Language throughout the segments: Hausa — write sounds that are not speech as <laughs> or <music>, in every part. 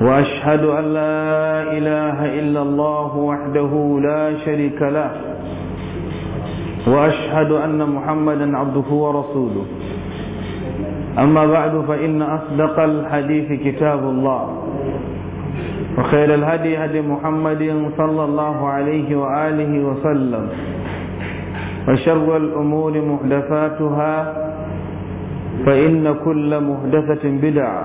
وأشهد أن لا إله إلا الله وحده لا شريك له وأشهد أن محمدا عبده ورسوله أما بعد فإن أصدق الحديث كتاب الله وخير الهدي هدي محمد صلى الله عليه وآله وسلم وشر الأمور محدثاتها فإن كل محدثة بدعة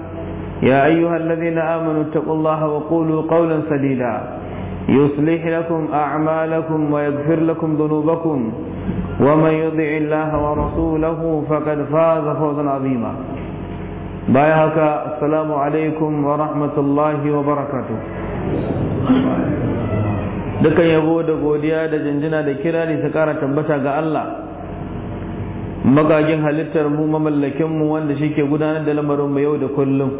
يا أيها الذين آمنوا اتقوا الله وقولوا قولا سديدا يصلح لكم أعمالكم ويغفر لكم ذنوبكم ومن يطع الله ورسوله فقد فاز فوزا عظيما بايعك السلام عليكم ورحمة الله وبركاته dukan yabo da godiya da janjina da kirari su kara tabbata ga Allah magagin halittar mu mamallakin mu wanda shike gudanar da lamarin mu yau da kullum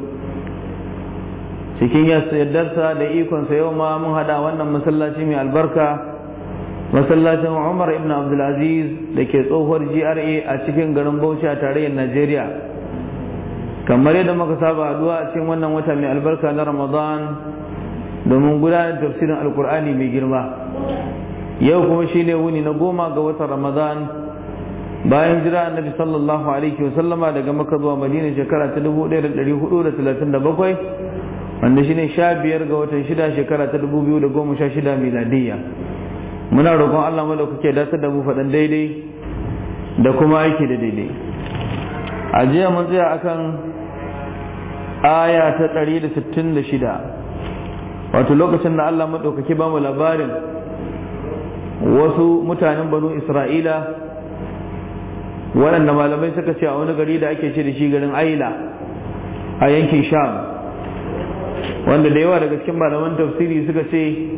cikin yardarsa da ikonsa yau ma mun hada wannan masallaci mai albarka masallacin umar ibn abdulaziz da ke tsohuwar gra a cikin garin bauchi a tarayyar najeriya kamar yadda muka saba addu'a a cikin wannan wata mai albarka na ramadan domin gudanar tafsirin alkur'ani mai girma yau kuma shine wuni na goma ga watan ramadan bayan jira annabi sallallahu alaihi wasallama daga makka zuwa madina shekara ta 1437 wanda shine sha biyar ga watan shida shekara ta dubu biyu da goma sha shida miladiyya muna roƙon Allah mala kuke datar da mu faɗan daidai da kuma aiki da daidai a jiya mun tsaya akan aya ta ɗari da sittin da shida wato lokacin da Allah maɗaukaki ba mu labarin wasu mutanen banu isra'ila waɗanda malamai suka ce a wani gari da ake ce da shi garin aila a yankin sham wanda da yawa daga cikin malaman tafsiri suka ce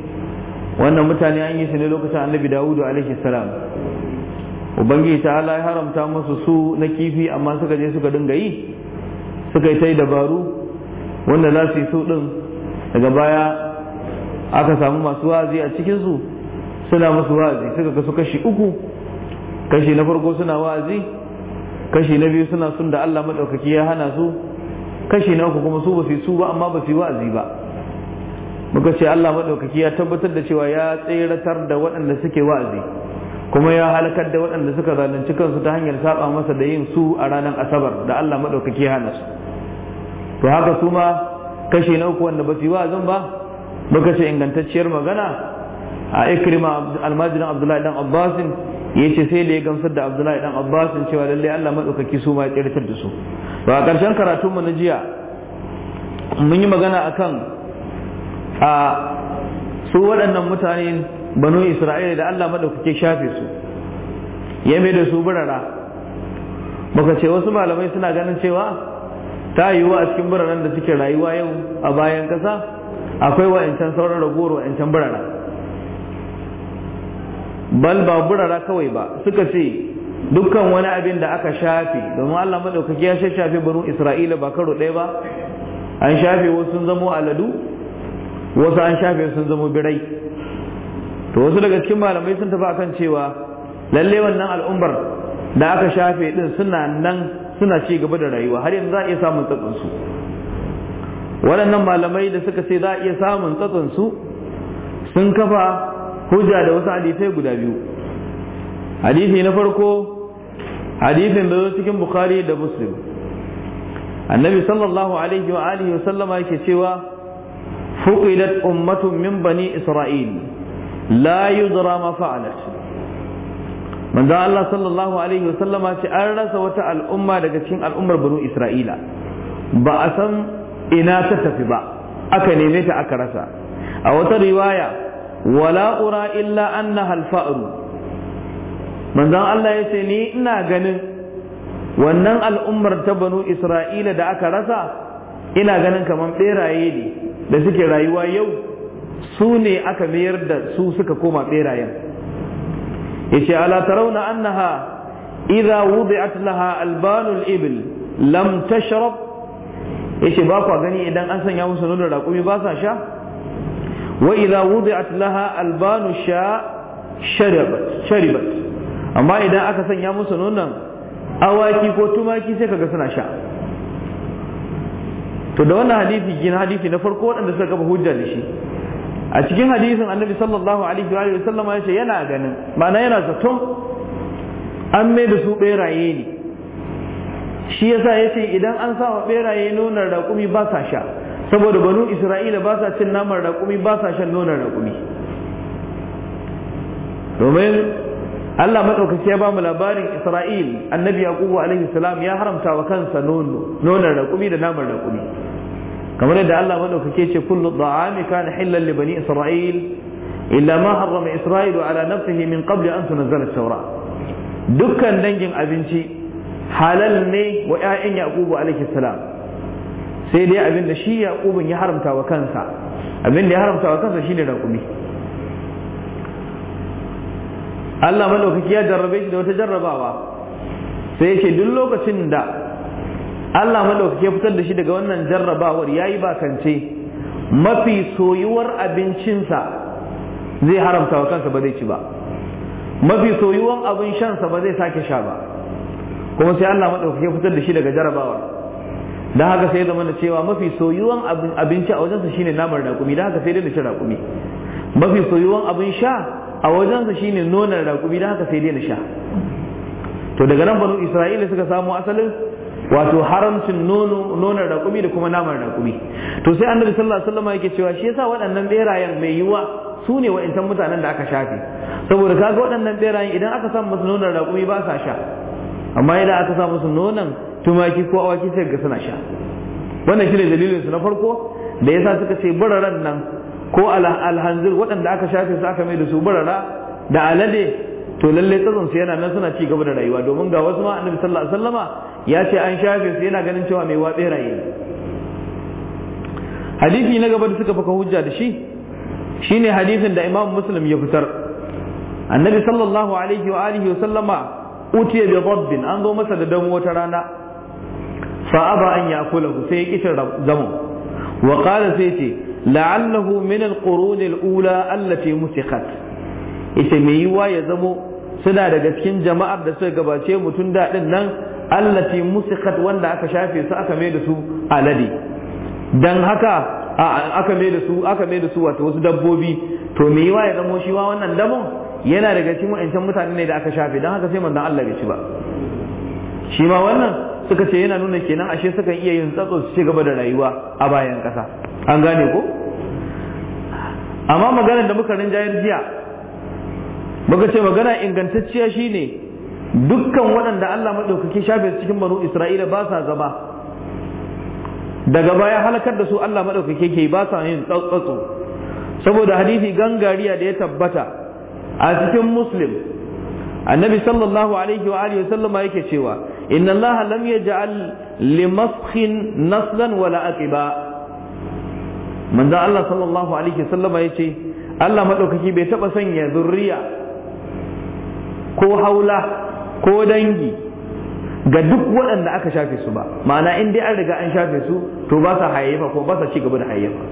wannan mutane an yi su ne lokacin annabi dawudu alaihi salam ubangiji ta ala ya haramta musu su na kifi amma suka je suka dinga yi suka yi ta yi dabaru wanda za su yi su din daga baya aka samu masu wazi a cikinsu suna musu wazi suka kasu kashi uku kashi na farko suna wazi. kashi na biyu suna sun da allah maɗaukaki ya hana su kashi na uku kuma su ba su ba amma ba su wa'azi ba muka ce Allah maɗaukaki ya tabbatar da cewa ya tseratar da waɗanda suke wa'azi kuma ya halakar da waɗanda suka zalunci kansu ta hanyar saba masa da yin su a ranar asabar da Allah maɗaukaki hana su to haka su ma kashi na uku wanda ba su wa'azin ba muka ce ingantacciyar magana a ikrima almajirin abdullahi dan abbasin yace sai da ya gamsar da Abdullahi dan Abbas cewa lalle Allah madaukaki su ma ya kirtar da su a karshen karatun mu na jiya mun yi magana akan a su waɗannan mutane banu Isra'ila da Allah madaukaki shafe su ya mai da su burara baka ce wasu malamai suna ganin cewa ta yiwuwa a cikin biranen da suke rayuwa yau a bayan kasa akwai wa'ancan sauran ragowar wa'ancan burara bal ba burara kawai ba suka ce dukkan wani abin da aka shafe domin Allah madaukaki ya shafe banu Isra'ila ba karo ɗaya ba an shafe wasu sun zamo aladu wasu an shafe sun zamo birai to wasu daga cikin malamai sun tafi akan cewa lalle wannan al'ummar da aka shafe din suna nan suna ci gaba da rayuwa har yanzu za a iya samun tsatsin su waɗannan malamai da suka ce za a iya samun tsatsin su sun kafa hujja da wasu hadisai guda biyu hadisi na farko hadisin da zo cikin bukhari da muslim annabi sallallahu alaihi wa alihi wa sallama yake cewa fuqidat ummatun min bani isra'il la yudra ma fa'alat manzo Allah sallallahu alaihi wa sallama ce an rasa wata al'umma daga cikin al'ummar banu isra'ila ba a san ina ta tafi ba aka neme ta aka rasa a wata riwaya Wala'ura illa annaha alfa'ru manzon Allah yace ni ina ganin wannan al'ummar ta banu Isra'ila da aka rasa ina ganin kamar beraye ne da suke rayuwa yau su ne aka mayar da su suka koma berayen yace ala tarawna annaha iza wudi'at laha albanul ibil lam ya yace ba kwa gani idan an sanya musu nonon raƙumi ba sa sha wa idza wudi'at laha albanu sha sharibat amma idan aka sanya musu nonon awaki ko tumaki sai ga suna sha to da wannan hadisi gina hadisi na farko waɗanda suka kafa hujja da shi a cikin hadisin annabi sallallahu alaihi wa sallam ya ce yana ganin ma'ana yana zaton an mai da su beraye ne shi yasa ya ce idan an sa wa beraye nonon raƙumi ba sa sha saboda banu isra'ila ba sa cin naman raƙumi ba sa shan nonon raƙumi domin Allah maɗaukaki ya ba mu labarin Isra'il annabi Yaqubu alaihi salam ya haramta wa kansa nono nonon raƙumi da naman raƙumi kamar yadda Allah maɗaukaki ce kullu da'ami kana hillan li bani Isra'il illa ma harrama Isra'ilu ala nafsihi min qabli an tunzala at-taura dukkan dangin abinci halal ne wa 'ya'yan Yaqubu alaihi salam sai dai abin da shi ƙubin ya haramta wa kansa abin da ya haramta wa kansa shine raƙumi Allah maɗaukaki ya jarrabe shi da wata jarrabawa sai ya ce duk lokacin da Allah maɗaukaki ya fitar da shi daga wannan jarrabawar ya yi bakance mafi soyuwar abincinsa zai haramta wa kansa ba zai ci ba mafi soyuwar abin shansa ba zai sake sha ba kuma sai Allah maɗaukaki ya fitar da shi daga jarrabawar da haka sai da da cewa mafi soyuwan abinci a wajensa shine namar raƙumi da haka sai dai da ci raƙumi mafi soyuwan abin sha a wajensa shine nonar raƙumi da haka sai dai da sha to daga nan banu isra'ila suka samu asalin wato haramcin nono nonar raƙumi da kuma namar raƙumi to sai annabi sallallahu alaihi wasallam yake cewa shi yasa waɗannan berayen mai yiwa su ne wa'intan mutanen da aka shafe saboda kaga waɗannan berayen idan aka samu musu nonar raƙumi ba sa sha amma idan aka sa su nonon tumaki ko awaki sai ga suna sha wannan shine dalilin su na farko da yasa suka ce bararan nan ko alhanzir waɗanda aka shafe su aka mai da su barara da alade to lalle tsazon su yana nan suna ci gaba da rayuwa domin ga wasu ma annabi sallallahu alaihi wasallama ya ce an shafe su yana ganin cewa mai wabe raye hadisi na gaba da suka faka hujja da shi shine hadisin da imam muslim ya fitar annabi sallallahu alaihi wa alihi wa sallama utiya bi dhabbin an zo masa da damu wata rana fa aba an yakulahu sai ya kitin zamu wa qala sai ce la'allahu min al-qurun al-ula allati musiqat ita mai yiwa ya zamo suna daga cikin jama'ar da suka gabace mutun dadin nan allati musiqat wanda aka shafe su aka mai da su alade dan haka aka mai da su aka mai da su wato wasu dabbobi to mai yiwa ya zamo shi wa wannan damon yana daga cikin wa'ancan mutane ne da aka shafe don haka sai manzon Allah bai ci ba shi ma wannan suka ce yana nuna kenan ashe suka iya yin tsatso su ci gaba da rayuwa a bayan ƙasa an gane ko amma maganar da muka jayar jiya muka ce magana ingantacciya shine dukkan waɗanda Allah maɗaukaki shafe su cikin banu Isra'ila ba sa zama daga baya halakar da su Allah maɗaukaki ke ba sa yin tsatso saboda hadisi gangariya da ya tabbata a cikin muslim annabi sallallahu alaihi wa alihi sallama yake cewa inna allaha lam yaj'al limasxin naslan wala aqiba manzo Allah sallallahu alaihi wa sallama yace Allah madaukaki bai taba sanya zurriya ko haula ko dangi ga duk waɗanda aka shafe su ba ma'ana in dai an riga an shafe su to ba sa hayayyafa ko ba sa ci gaba da hayayyafa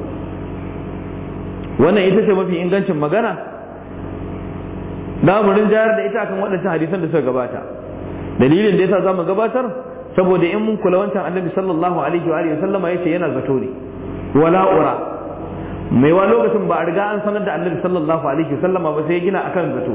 wannan ita ce mafi ingancin magana da mu rinjayar da ita akan waɗancan hadisan da suka gabata dalilin da yasa za mu gabatar saboda in mun kula wancan annabi sallallahu alaihi wa alihi sallama yace yana zato ne wala ura mai wa lokacin ba a riga an sanar da annabi sallallahu alaihi wa sallama ba sai ya gina akan zato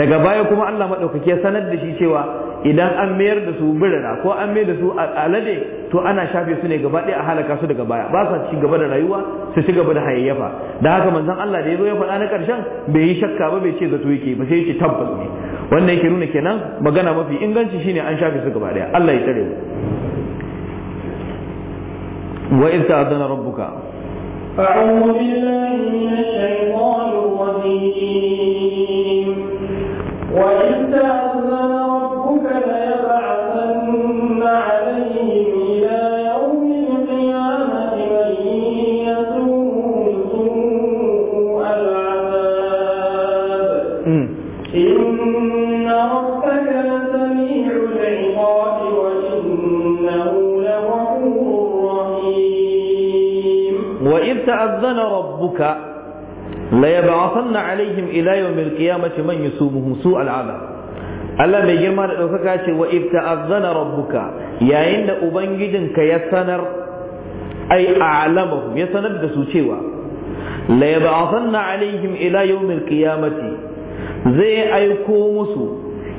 daga baya kuma Allah madaukaki ya sanar da shi cewa idan an mayar da su birana ko an mayar da su alade to ana shafe su ne gaba ɗaya a halaka su daga baya ba sa ci gaba da rayuwa su ci gaba da hayayyafa da haka manzon Allah da ya zo ya faɗa na ƙarshen bai yi shakka ba bai ce zato yake ba sai yake tabbas ne wannan yake nuna kenan magana mafi inganci shine an shafe su gaba ɗaya Allah ya tare mu wa idza adana rabbuka a'udhu billahi minash shaitanir rajim wa idza adana القيامة من يسومهم سوء العذاب Allah mai girma da ɗaukaka ce wa ibta'azzana rabbuka yayin da ubangijinka ya sanar ai a'lamahu ya sanar da su cewa la yab'athanna alaihim ila yawmil qiyamati zai aiko musu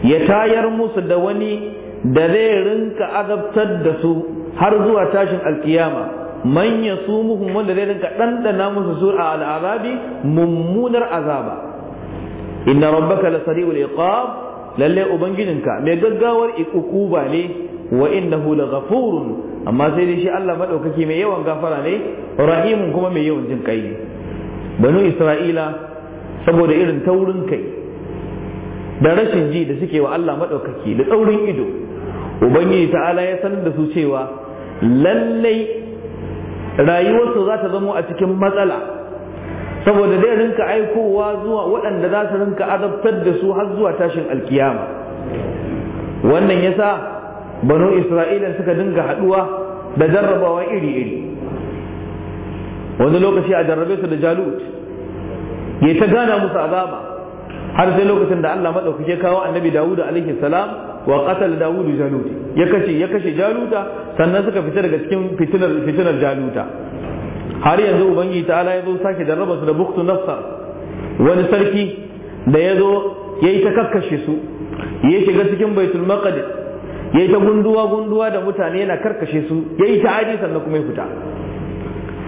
ya tayar musu da wani da zai rinka azabtar da su har zuwa tashin alkiyama man yasumuhum wanda zai rinka dandana musu su al'azabi mummunar azaba inna rabbaka la lallai iqab lalle ubangijinka mai gaggawar ikuba ne wa innahu la ghafurun amma sai dai shi Allah madaukaki mai yawan gafara ne rahimun kuma mai yawan jin kai banu isra'ila saboda irin taurin kai da rashin ji da suke wa Allah madaukaki da tsaurin ido ubangiji ta'ala ya sanar da su cewa lallai rayuwarsu za ta zamo a cikin matsala saboda zai rinka aikowa zuwa waɗanda za su rinka azabtar da su har zuwa tashin alkiyama wannan yasa banu isra'ila suka dinga haɗuwa da jarrabawa iri-iri wani lokaci a jarrabe su da jalut ya ta gana musu azaba har sai lokacin da Allah maɗaukake kawo annabi Dawud alaihi salam wa qatal Dawud jalut ya kashe ya kashe jaluta sannan suka fita daga cikin fitinar fitinar jaluta har yanzu ubangi ta'ala ya zo sake raba su da buktu nafsa wani sarki da ya zo ya yi ta kakkashe su ya shiga cikin baitul maqdis ya yi ta gunduwa gunduwa da mutane yana karkashe su ya yi ta adi sannan kuma ya fita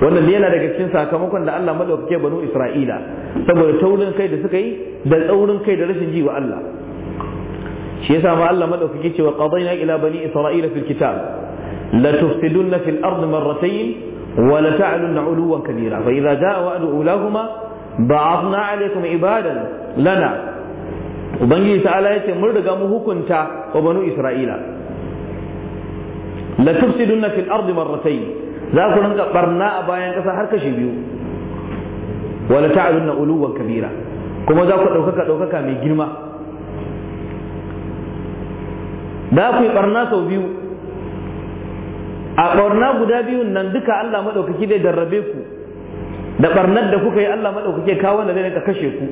wannan ne yana daga cikin sakamakon da Allah madaukake banu Isra'ila saboda taurin kai da suka yi da tsaurin kai da rashin ji wa Allah shi yasa ma Allah madaukake cewa qadayna ila bani isra'ila fil kitab la tufsidunna fil ardi marratayn ولا تعلن علوا كبيرا فإذا جاء وعد أولاهما بعضنا عليكم عبادا لنا وبنجي تعالى يتي مرغا وبنو إسرائيل في الأرض مرتين ku a girma sau biyu a ɓarna guda biyun nan duka Allah maɗaukaki zai darrabe ku da ɓarnar da kuka yi Allah maɗaukaki kawo da zai kashe ku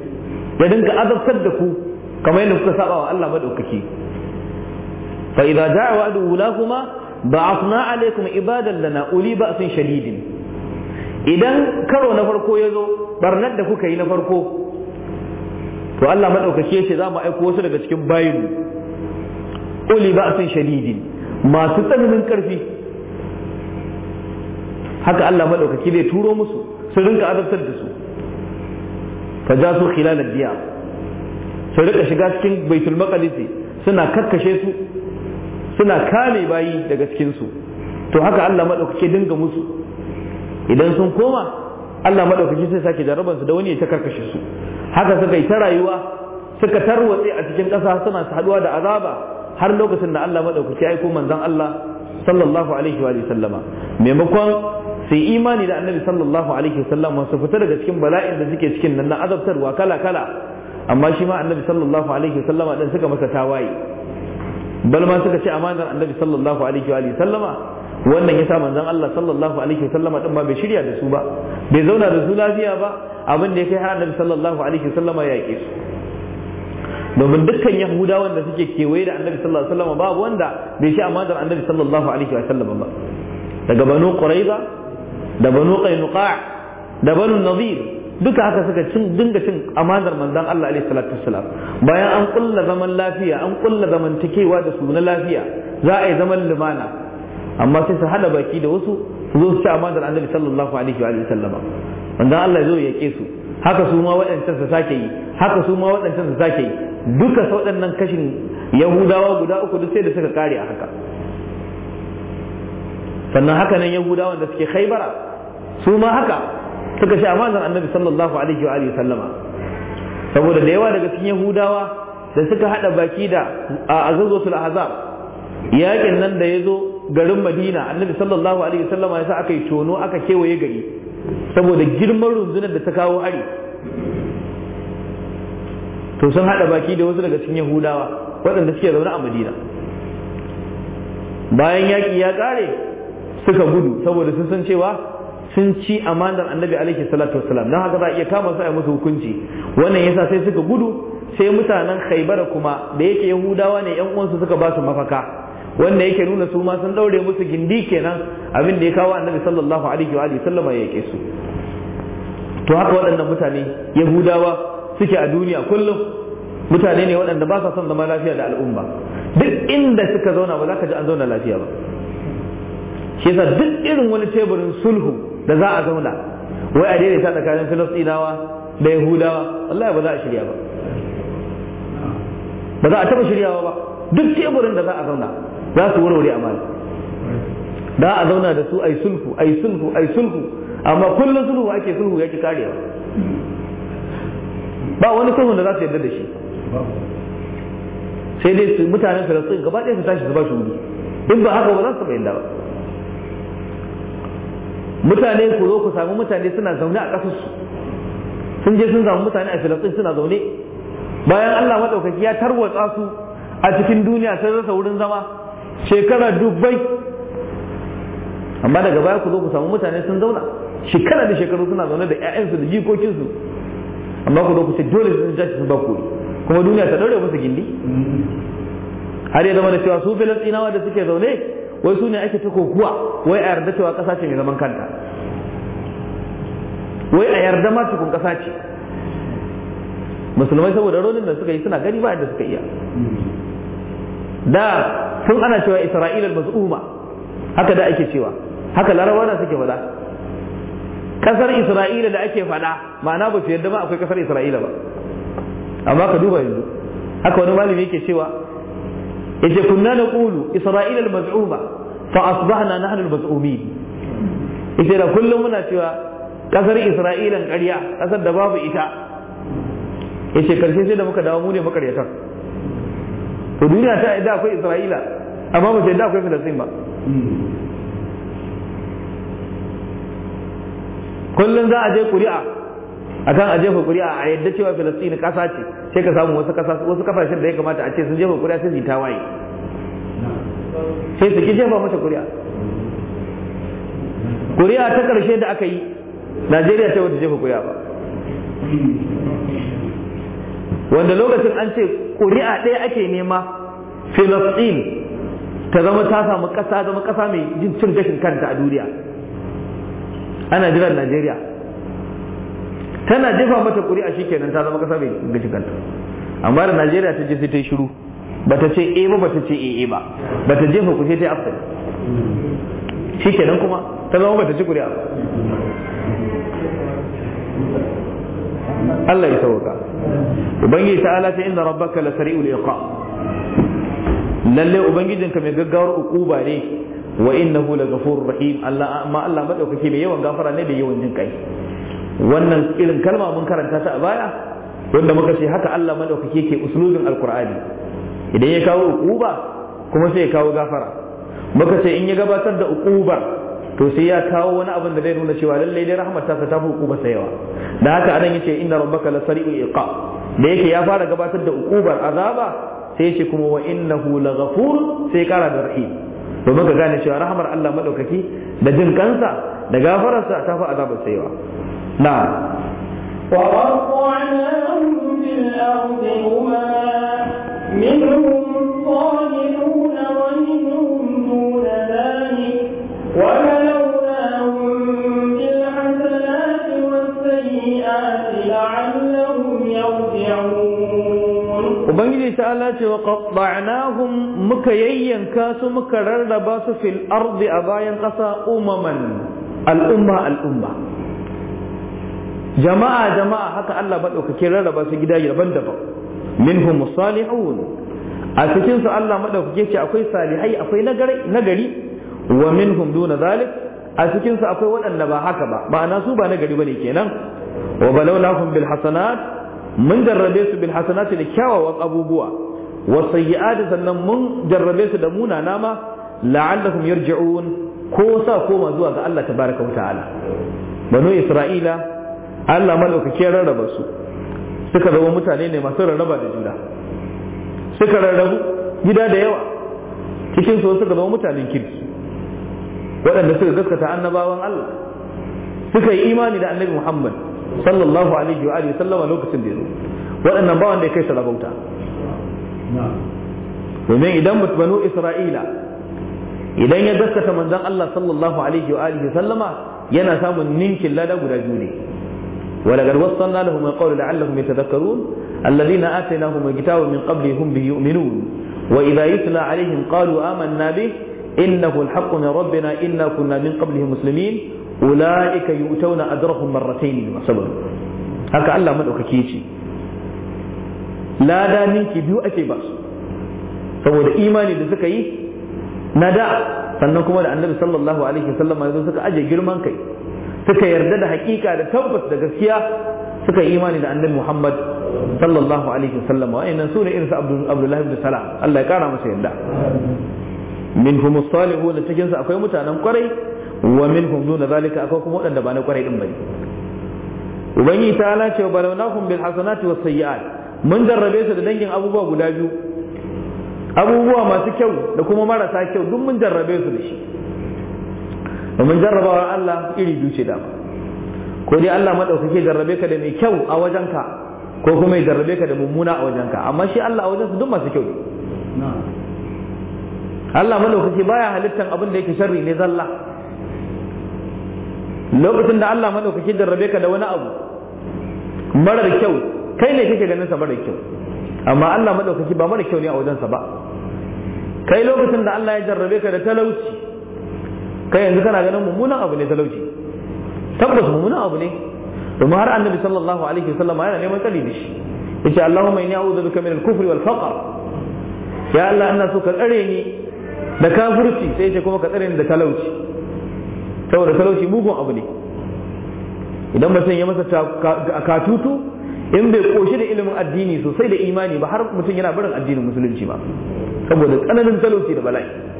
ya dinga azabtar da ku kamar yadda kuka saba wa Allah maɗaukaki fa idza ja'a wa'du ulahuma ba'athna alaykum ibadan lana uli ba'sin shadidin idan karo na farko ya zo barnar da kuka yi na farko to Allah maɗaukaki ya ce za mu aiko wasu daga cikin bayin uli ba'sin shadidin masu tsananin ƙarfi haka Allah madaukaki zai turo musu su rinka azabtar da su fa ja su khilal diya su rinka shiga cikin baitul maqdisi suna kakkashe su suna kame bayi daga cikin su to haka Allah madaukaki dinga musu idan sun koma Allah madaukaki sai sake jarabar su da wani ya ta karkashe su haka suka yi ta rayuwa suka tarwatse a cikin ƙasa suna haduwa da azaba har lokacin da Allah madaukaki aiko manzon Allah sallallahu alaihi wa sallama maimakon sai imani da annabi sallallahu alaihi wasallam su fita daga cikin bala'in da suke cikin nan na azabtarwa kala kala amma shi ma annabi sallallahu alaihi wasallama din suka masa tawaye bal ma suka ce amanar annabi sallallahu alaihi wa sallama wannan yasa manzon Allah sallallahu alaihi wasallama din ma bai shirya da su ba bai zauna da su lafiya ba abin da ya kai har annabi sallallahu alaihi wasallama ya yake su domin dukkan yahudawan da suke kewaye da annabi sallallahu alaihi wasallama babu wanda bai shi amanar annabi sallallahu alaihi wasallama ba daga banu quraiza da banu qainuqa da banu nadir duka haka suka cin dinga cin amanar manzon Allah alaihi salatu wassalam bayan an kulla zaman lafiya an kulla zamantakewa da su na lafiya za a yi zaman lumana amma sai su hada baki da wasu su zo su ci amanar annabi sallallahu alaihi wa sallama manzon Allah ya zo ya ke su haka su ma waɗancan su sake yi haka su ma waɗancan su sake yi duka waɗannan kashin yahudawa guda uku duk sai da suka kare a haka sannan haka nan yahudawan da suke khaibara su ma haka suka sha amanar annabi sallallahu alaihi wa sallama saboda da yawa daga cikin yahudawa da suka hada baki da a azazotul ahzab yakin nan da yazo garin madina annabi sallallahu alaihi wa sallama yasa aka yi tono aka kewaye gari saboda girman runzunar da ta kawo hari to sun hada baki da wasu daga cikin yahudawa waɗanda suke zaune a madina bayan yaki ya ƙare. suka gudu saboda sun san cewa sun ci amanar annabi alaihi salatu wasalam don haka za a iya kama su a musu hukunci wannan yasa sai suka gudu sai mutanen khaibar kuma da yake yahudawa ne yan uwansu suka ba su mafaka wanda yake nuna su ma sun daure musu gindi kenan abin da ya kawo annabi sallallahu alaihi wa sallama ya yake su to haka waɗannan mutane yahudawa suke a duniya kullum mutane ne waɗanda ba sa son zama lafiya da al'umma duk inda suka zauna ba za ka ji an zauna lafiya ba shi yasa duk irin wani teburin sulhu da za a zauna wai a daidaita tsakanin filistinawa da yahudawa wallahi ba za a shirya ba ba za a taɓa shiryawa ba duk teburin da za a zauna za su warware amana Za a zauna da su ai sulhu ai sulhu ai sulhu amma kullum sulhu ake sulhu yake karewa ba wani sulhu da za su yarda da shi sai dai mutanen filistin gaba ɗaya su tashi su ba shi wuri in ba haka ba za su taɓa yarda ba mutane ku zo ku samu mutane suna zaune a ƙasarsu sun je sun samu mutane a filastin suna zaune bayan allah maɗaukaki ya tarwatsa su a cikin duniya sun rasa wurin zama shekara dubbai amma daga baya ku zo ku samu mutane sun zauna shekara da shekaru suna zaune da 'ya'yansu da jikokinsu amma ku zo ku ce dole sun ja sun ba kuma duniya ta ɗaure musu gindi har ya zama da cewa su filastinawa da suke zaune wai su ne ake ta kokuwa wai a yarda cewa ƙasa ce mai zaman kanta wai a yarda ma cikin ƙasa ce musulmai saboda rolin da suka yi suna gani ba yadda suka iya da sun ana cewa isra'ila maz'uma haka da ake cewa haka larawa na suke faɗa kasar isra'ila da ake faɗa ma'ana ba su yarda ma akwai kasar isra'ila ba amma ka duba yanzu haka wani malami yake cewa yace kunna naqulu isra'ila al-maz'uma fa asbahna nahnu al-maz'umin yace da kullum muna cewa kasar isra'ilan ƙarya kasar da babu ita yace karshe sai da muka dawo mu ne makaryatan to duniya ta da akwai isra'ila amma ba sai da akwai filistin ba kullum za a je ƙuri'a akan a jefa kuri'a a yadda cewa filistini kasa ce sai ka samu wasu kasa wasu kasashen da ya kamata a ce sun jefa kuri'a sai su ta waye sai su ki jefa mata kuri'a kuri'a ta karshe da aka yi Najeriya ta wata jefa kuri'a ba wanda lokacin an ce kuri'a ɗaya ake nema filistini ta zama ta samu kasa zama kasa mai jin cin gashin kanta a duniya ana jiran Najeriya tana jefa mata ƙuri'a shikenan ta zama kasa mai gashi kanta amma da najeriya ta je sai ta yi shiru ta ce e ba ta ce e ba ba ta jefa ku sai ta yi afsali shikenan kuma ta zama ba ta ci ba. Allah ya sauka ubangiji ta'ala ta inna rabbaka la sari'ul iqa lalle ubangijinka mai gaggawar ukuba ne wa innahu la ghafurur rahim Allah amma Allah madaukake mai yawan gafara ne da yawan jin kai wannan irin kalma mun karanta ta a baya wanda muka ce haka Allah madaukake ke uslubin alqur'ani idan ya kawo uquba kuma sai ya kawo gafara muka ce in ya gabatar da uqubar to sai ya kawo wani abin da zai nuna cewa lallai dai rahmat ta ta fi uquba sayawa da haka anan yace inna rabbaka lasari'u iqa da yake ya fara gabatar da uqubar azaba sai yace kuma wa innahu laghafur sai kara da rahim to muka gane cewa rahmar Allah madaukake da jin kansa da gafararsa ta fi azabar sayawa نعم وقطعناهم في الأرض منهم ومنهم دون ذلك وبلوناهم بالحسنات والسيئات لعلهم يرجعون وقطعناهم مكيين كاسو مكرر لباسو في الأرض أباين قصا أمما الأمة الأمة jama'a jama'a haka Allah maɗaukake rarraba su gida daban-daban minhum salihun a cikin su Allah maɗaukake ce akwai salihai akwai nagari wa minhum duna zalik a cikin su akwai waɗanda ba haka ba ma'ana su ba nagari bane kenan wa balawnahum bil hasanat mun jarrabe su bil hasanat da kyawawan abubuwa wa adi sannan mun jarrabe su da munana ma la'allahum yarji'un ko sa koma zuwa ga Allah tabaraka wa ta'ala banu isra'ila Allah madaukake ya rarraba su suka zama mutane ne masu rarraba da juna suka rarrabu gida da yawa cikin su suka zama mutanen kirki waɗanda suka gaskata annabawan Allah suka yi imani da annabi Muhammad sallallahu alaihi wa sallama lokacin da ya zo waɗannan ba wanda ya kai su rabauta domin idan banu Isra'ila idan ya gaskata manzon Allah sallallahu alaihi wa sallama yana samun ninkin lada guda biyu ne ولقد وصلنا لهم القول لعلهم يتذكرون الذين آتيناهم الكتاب من قبل هم به يؤمنون وإذا يتلى عليهم قالوا آمنا به إنه الحق من ربنا إنا كنا من قبله مسلمين أولئك يؤتون أجرهم مرتين بما صبروا هكا الله من أكيتي لا دا منك بيو أكي بس فهو دا إيماني دا سكي na فنكم sannan صلى الله عليه وسلم ما wasallam سكي أجي جرمان كي suka yarda da hakika da tabbas da gaskiya suka yi imani da annabi Muhammad sallallahu alaihi wasallam wa'annan sune irin su Abdullahi ibn Salam Allah ya kara masa yarda minhum as-salihun cikin su akwai mutanen kwarai wa minhum dun zalika akwai kuma wadanda ba na kwarai din bane ubangi ta ala cewa balawnahum bil hasanati was sayyi'at mun jarrabe su da dangin abubuwa guda biyu abubuwa masu kyau da kuma marasa kyau duk mun jarrabe su da shi domin jarrabawa Allah iri biyu da, ba ko dai Allah madaukake jarrabe ka da mai kyau a wajenka ko kuma ya jarrabe ka da mummuna a wajenka amma shi Allah a wajensa duk masu kyau ne Allah madaukake baya halittan abin da yake sharri ne zalla lokacin da Allah madaukake jarrabe ka da wani abu marar kyau kai ne kake ganin sa marar kyau amma Allah madaukake ba marar kyau ne a wajensa ba kai lokacin da Allah ya jarrabe ka da talauci kai yanzu kana ganin mummunan abu ne talauci tabbas mummunan abu ne domin har annabi sallallahu alaihi wasallam yana neman tsari da shi yace Allahumma inni a'udhu bika min al-kufri wal faqr ya Allah ina so ka tsare ni da kafirci sai yace kuma ka tsare ni da talauci saboda talauci mugun abu ne idan mutum ya masa katutu in bai koshi da ilimin addini sosai da imani ba har mutum yana barin addinin musulunci ba saboda tsananin talauci da bala'i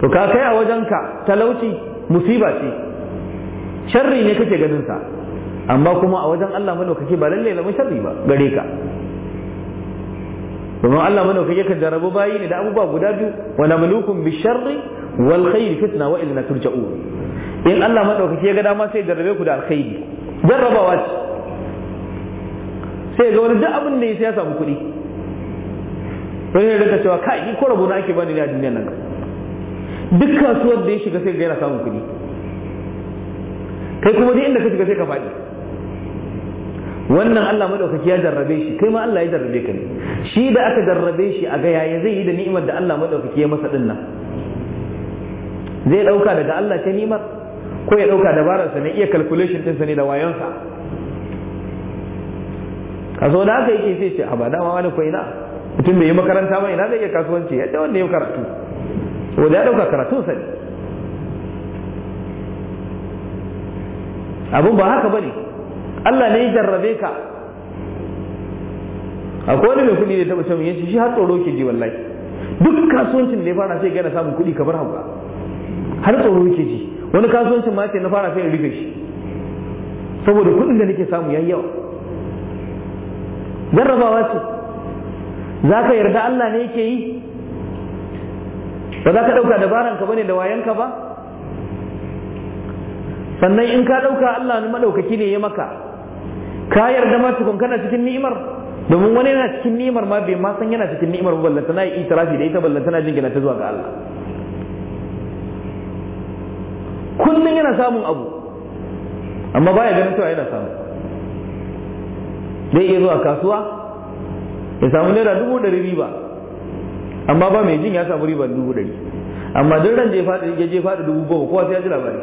to ka kai a wajenka talauci musiba ce sharri ne kake ganin sa amma kuma a wajen Allah madaukaki ba lalle zama sharri ba gare ka domin Allah madaukaki kan jarabu bayi ne da abubuwa guda biyu wa namlukum bisharri wal khair fitna wa ilna turja'u in Allah madaukaki ya ga dama sai jarabe ku da alkhairi jarrabawa ce sai ga wani duk abin da ya samu kuɗi wani ne da cewa kai ko rabo na ake bani ne a duniyar nan duk kasuwar da ya shiga sai ga yana samun kuɗi kai kuma duk inda ka shiga sai ka faɗi wannan Allah madaukaki ya jarrabe shi kai ma Allah ya jarrabe ka ne shi da aka jarrabe shi a ga yaya zai yi da ni'imar da Allah madaukaki ya masa din nan zai dauka daga Allah ta ni'imar ko ya dauka dabarar sa ne iya calculation din sa ne da wayon sa kaso da haka yake sai ce a ba dama wani ko ina mutum bai yi makaranta ba ina zai iya kasuwanci yadda wanda ya karatu saboda ya dauka karatun sa ne abun ba haka bane Allah ne ya jarrabe ka akwai wani mai kuɗi ne taɓa cewa yanci shi har tsoro ke ji wallahi duk kasuwancin da ya fara sai gana samun kuɗi kamar hauka har tsoro ke ji wani kasuwancin ma ce na fara sai in rufe shi saboda kuɗin da nake samu yayi yawa jarrabawa ce za ka yarda Allah ne yake yi ba za ka ɗauka dabaran ka bane da wayanka ba sannan in ka ɗauka Allah ne maɗaukaki ne ya maka ka yarda ma tukun kana cikin ni'imar domin wani yana cikin ni'imar ma bai ma san yana cikin ni'imar ba ballantana ya itirafi da ita ballantana jingina ta zuwa ga Allah kullum yana samun abu amma baya ganin cewa yana samu zai iya zuwa kasuwa ya samu naira dubu ɗari riba amma ba mai jin ya samu riba dubu ɗari amma duk ran da ya je faɗi dubu goma kowa sai ya ji labari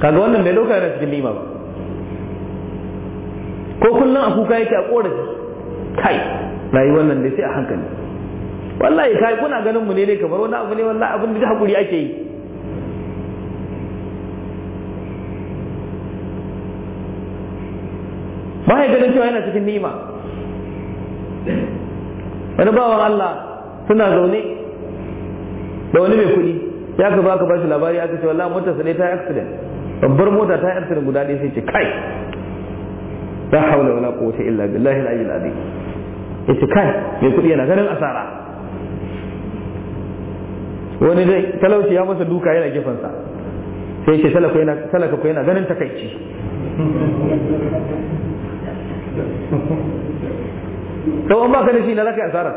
kaga wannan bai lokacin yana cikin lima ba ko kullum a kuka yake a korafi kai rayuwar nan dai sai a hankali wallahi kai kuna ganin mu ne ne kamar wani abu ne wallahi abin da hakuri ake yi ba ya ganin cewa yana cikin nima wani bawan Allah suna zaune da wani mai kuɗi ya ka baka ba shi labari ka ce wallahi motar sai ne ta accident babbar mota ta accident guda ɗaya sai ce kai la hawla wala quwwata illa billahi al-aliyyil azim yace kai mai kuɗi yana ganin asara wani dai talauci ya masa duka yana sa sai ce talaka ko yana ganin takaici to an baka da shi na zaka yi asara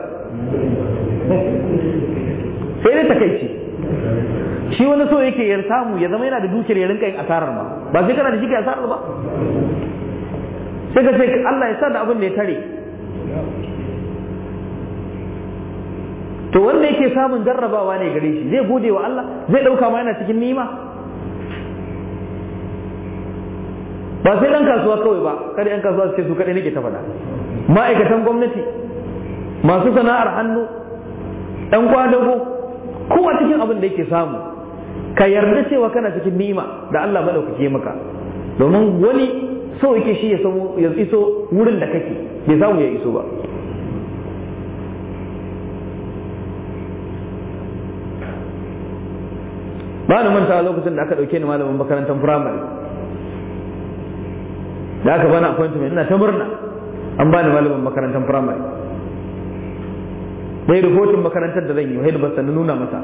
sai dai takaici shi wani so yake yar samu ya zama yana da dukiyar ya rinka yin asarar ma ba sai kana da shi ke asarar ba sai ka ce Allah ya sa da abin da ya tare to wanda yake samun jarrabawa ne gare shi zai gode wa Allah zai ɗauka ma yana cikin nima ba sai ɗan kasuwa kawai ba kada ɗan kasuwa su ce su kaɗai nake ta faɗa ma'aikatan gwamnati masu sana'ar hannu ɗan kwadago kowa cikin abin da yake samu ka yarda cewa kana cikin ni'ima da Allah maɗaukake maka domin wani so yake shi ya samu ya iso wurin da kake bai samu ya iso ba ba na manta lokacin da aka ɗauke ni malamin makarantar firamare da aka bana appointment ina ta murna an bani malamin makarantar firamare dai rahoton makarantar da zan yi wahil basta na nuna masa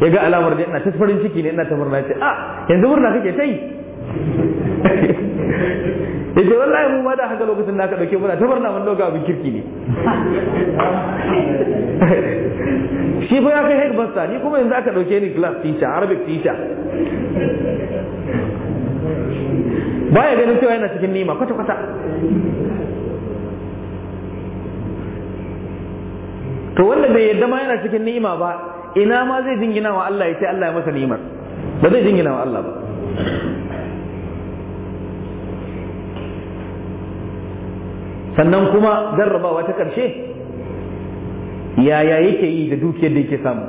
ya ga alamar da ina ta farin ciki ne ina ta murna ce a ah, yanzu murna kake ta yi <laughs> ya ce wallahi mu ma da haka lokacin da aka dauke muna ta murna mun lokacin abin kirki ne <laughs> shi fa ya kai basta ni kuma yanzu aka dauke ni glass teacher arabic teacher baya ganin cewa yana cikin nima kwata-kwata to wanda bai yadda ma yana cikin ni'ima ba ina ma zai jingina wa Allah ya ce Allah ya masa ni'imar ba zai jingina wa Allah ba sannan kuma jarrabawa ta ƙarshe yaya yake yi da dukiyar da yake samu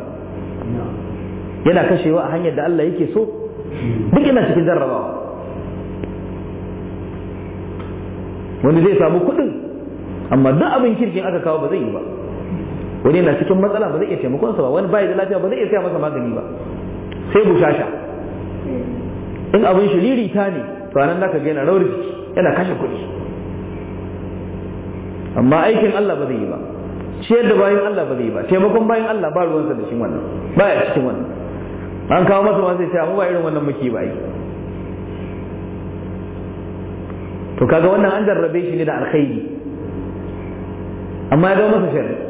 yana kashewa a hanyar da Allah yake so duk yana cikin jarrabawa wani zai samu kuɗin amma duk abin kirkin aka kawo ba zai yi ba wani na cikin matsala ba zai iya taimakon sa ba wani bai da lafiya ba zai iya saya masa magani ba sai bushasha in abin shi ta ne to anan zaka ga yana rauri yana kashe kuɗi amma aikin Allah ba zai yi ba ciyar da bayan Allah ba zai yi ba taimakon bayan Allah ba ruwansa da shi wannan ya cikin wannan an kawo masa ma sai ya mu ba irin wannan muke ba yi to kaga wannan an jarrabe shi ne da alkhairi amma ya ga masa shari'a.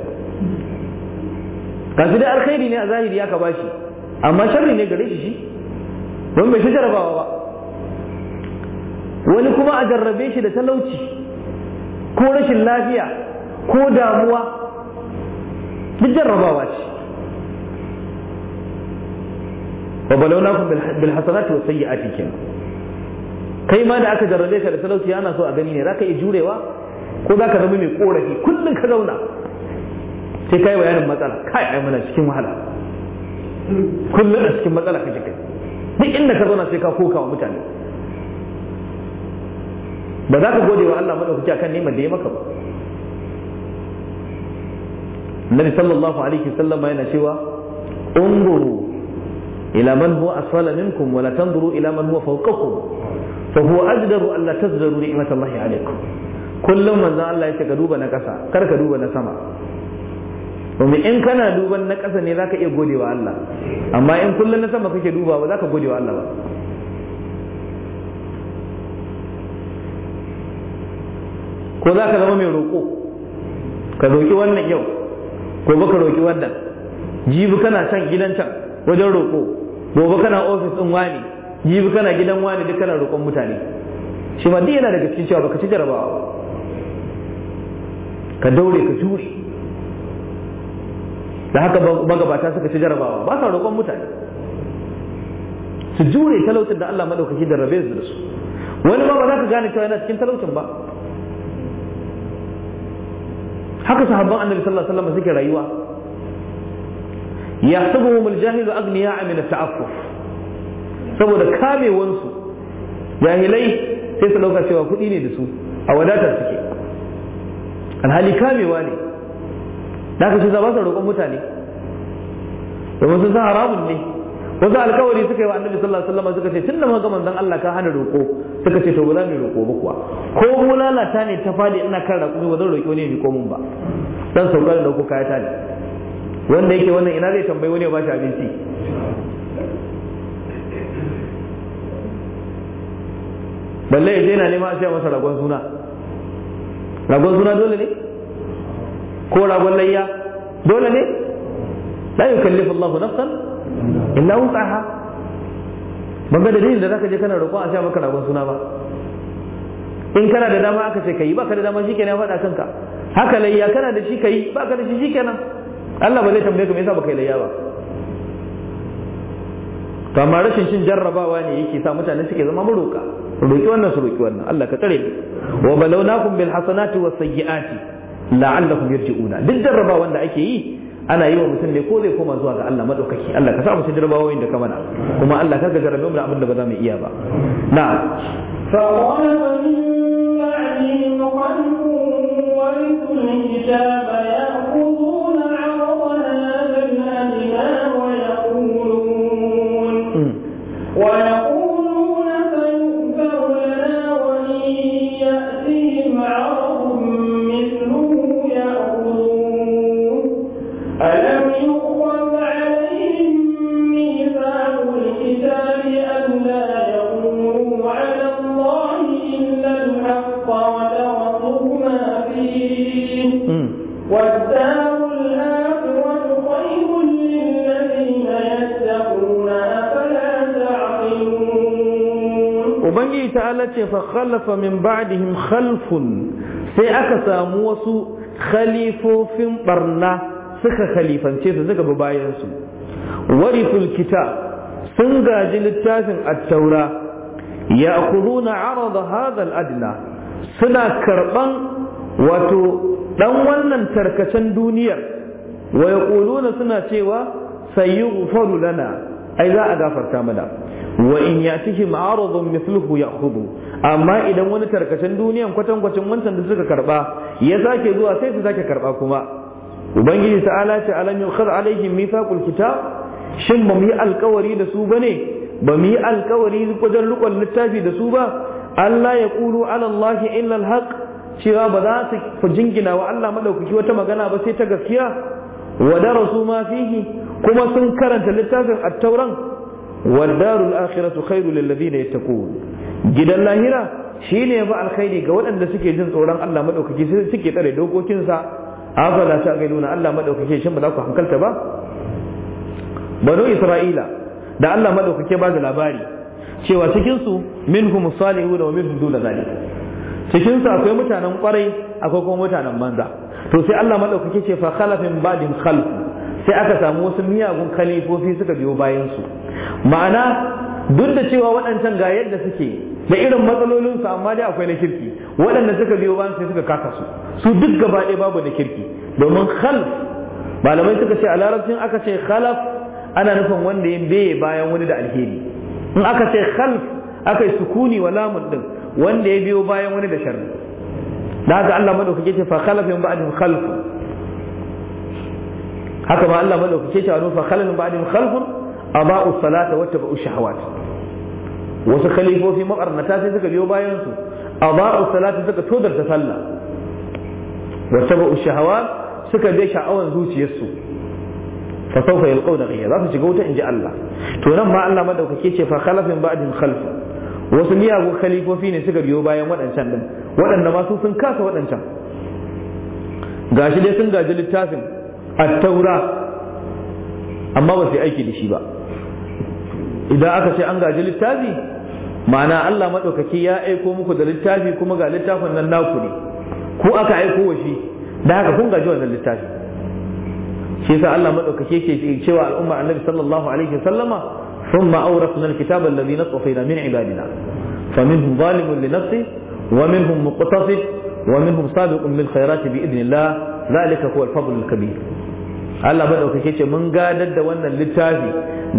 kasu da alkhairi ne a zahiri aka bashi amma sharri ne gare shi shi don bai shi jarabawa ba wani kuma a jarrabe shi da talauci ko rashin lafiya ko damuwa duk jarrabawa ce wa balawnakum bil hasanati wa sayyi'ati kin kai ma da aka jarrabe ka da talauci ana so a gani ne zaka yi jurewa ko zaka zama mai korafi kullun ka zauna sai kai bayanin matsala kai ai muna cikin wahala kullum a cikin matsala kake kai duk inda ka zauna sai ka koka wa mutane ba za ka gode wa Allah madaukaki akan neman da ya maka ba Nabi sallallahu alaihi wasallam yana cewa unzuru ila man huwa asfala minkum wa la tanzuru ila man huwa fawqakum fa huwa ajdaru an la tazdaru ni'matallahi alaikum kullum manzo Allah yake ka duba na kasa kar ka duba na sama domin in kana duban na ƙasa ne zaka iya gode wa Allah amma in kullum na sama kake duba ba zaka wa Allah ba ko za ka zama mai roƙo ka roƙi wannan yau ko ba ka roƙi wannan jibi kana can gidan can wajen roƙo gobe kana ofis ɗin wani jibi kana gidan wani duk kana roƙon mutane shi ma duk yana daga cikin cewa baka ci jarabawa ka daure ka jure da haka magabata suka ci jarabawa ba sa roƙon mutane su jure talaucin da Allah maɗaukaki da rabe da su wani ma ba za ka gane cewa yana cikin talaucin ba haka sahabban annabi sallallahu alaihi wasallam suke rayuwa yahsabuhum aljahilu aghniya min at-ta'affuf saboda kamewansu jahilai sai su dauka cewa kuɗi ne da su a wadatar suke alhali kamewa ne da ka shi za ba su roƙon mutane domin sun san haramun ne wasu alkawari suka yi wa annabi sallallahu alaihi wasallam suka ce tun da muka manzon Allah ka hana roƙo suka ce to ba za mu roƙo ba kuwa ko mu lalata ne ta fadi ina kan raƙumi ba zan roƙi wani ne ko mun ba dan sauka da dauko kaya ta ne wanda yake wannan ina zai tambayi wani ya ba shi abinci balle ya je na neman a ce masa ragon suna ragon suna dole ne ko ragon layya dole ne la yukallifu Allahu nafsan illa wus'aha ban ga dalilin da zaka je kana roƙo a sa maka ragon suna ba in kana da dama aka ce kai baka da dama shikenan ya faɗa kanka haka layya kana da shi kai baka da shi shikenan Allah ba zai tambaye ka me yasa baka yi layya ba Kamar rashin shin jarrabawa ne yake sa mutane suke zama maroka roki wannan su roki wannan Allah ka tsare mu wa balawnakum bil hasanati was sayyiati girji yarji'una duk jarraba wanda ake yi ana yi wa mutum ne ko zai koma zuwa ga Allah madaukaki Allah ka sa mu jarrabawoyin da ka mana kuma Allah ka ga jarrabe mu da abin da ba za mu iya ba na'am fa qala min wa Allah ce fa khalafa min ba'dihim khalfun sai aka samu wasu khalifofin barna suka khalifance su suka bi bayan su warithul kitab sun gaji littafin at-taura ya'khuduna 'arada hadha al-adna suna karban wato dan wannan tarkacen duniyar wa yaquluna suna cewa sayyughfaru lana ai za a gafarta mana wa in yatihim aradun mithluhu ya'khudhu amma idan wani tarkacen duniyan kwatankwacin wancan da suka karba ya sake zuwa sai su sake karba kuma ubangiji ta'ala ce alam yukhad alaihim mithaqul kitab shin ba mu yi alkawari da su bane ba mu yi alkawari wajen rukon littafi da su ba Allah ya kulu ala Allah illa alhaq cewa ba za su jingina wa Allah madaukaki wata magana ba sai ta gaskiya wa darasu ma fihi kuma sun karanta littafin at-tauran wadarul akhiratu khairu lil ladina yattaqun gidan lahira shine ba alkhairi ga waɗanda suke jin tsoron Allah madaukaki suke tsare dokokinsa afala ta gailuna Allah madaukaki shin ba za ku hankalta ba banu isra'ila da Allah maɗaukake ba da labari cewa cikin su minhum salihun wa minhum duna zalik cikin akwai mutanen kwarai akwai kuma mutanen banza to sai Allah madaukaki ce fa khalafin ba'din khalfu. sai aka samu wasu miyagun kalifofi suka biyo bayansu ma'ana duk da cewa waɗancan ga yadda suke da irin matsalolinsu amma dai akwai na kirki waɗanda suka biyo bayan suka kasa su su duk gaba ɗaya babu na kirki domin khalf malamai suka ce a larabcin aka ce khalaf ana nufin wanda ya beye bayan wani da alheri in aka ce khalf aka yi sukuni wa lamun din wanda ya biyo bayan wani da sharri da haka Allah madaukake ce fa khalaf ba'dhum khalfu. haka ma Allah madaukake shi nufa khalal ba'din khalfun A aba'u salata wa tabu shahawat wasu khalifofi makarnata sai suka biyo bayan su aba'u salata suka todar ta sallah wa tabu shahawat suka bi sha'awan zuciyarsu fa sawfa yalqawna ghayya za su shiga wuta inji Allah to nan ma Allah madaukake ce fa khalafin ba'din khalfun wasu miyagun khalifofi ne suka biyo bayan waɗancan din waɗanda ma su sun kasa waɗancan gashi dai sun gaji littafin التوراة أما بس أيك لشيبا إذا أكثي أنقى جل التازي معنى الله مدوك كي يا إيكو مكو دل التازي كو مقال التافن نناوكني كو أكا إيكو وشي دهك كونقى جوا دل التازي شيسا الله مدوك كي كي شوى الأمة عن النبي صلى الله عليه وسلم ثم أورثنا الكتاب الذي نصفينا من عبادنا فمنهم ظالم لنفسه ومنهم مقتصد ومنهم صادق من الخيرات بإذن الله ذلك هو الفضل الكبير Allah madaukake ce mun gadar da wannan littafi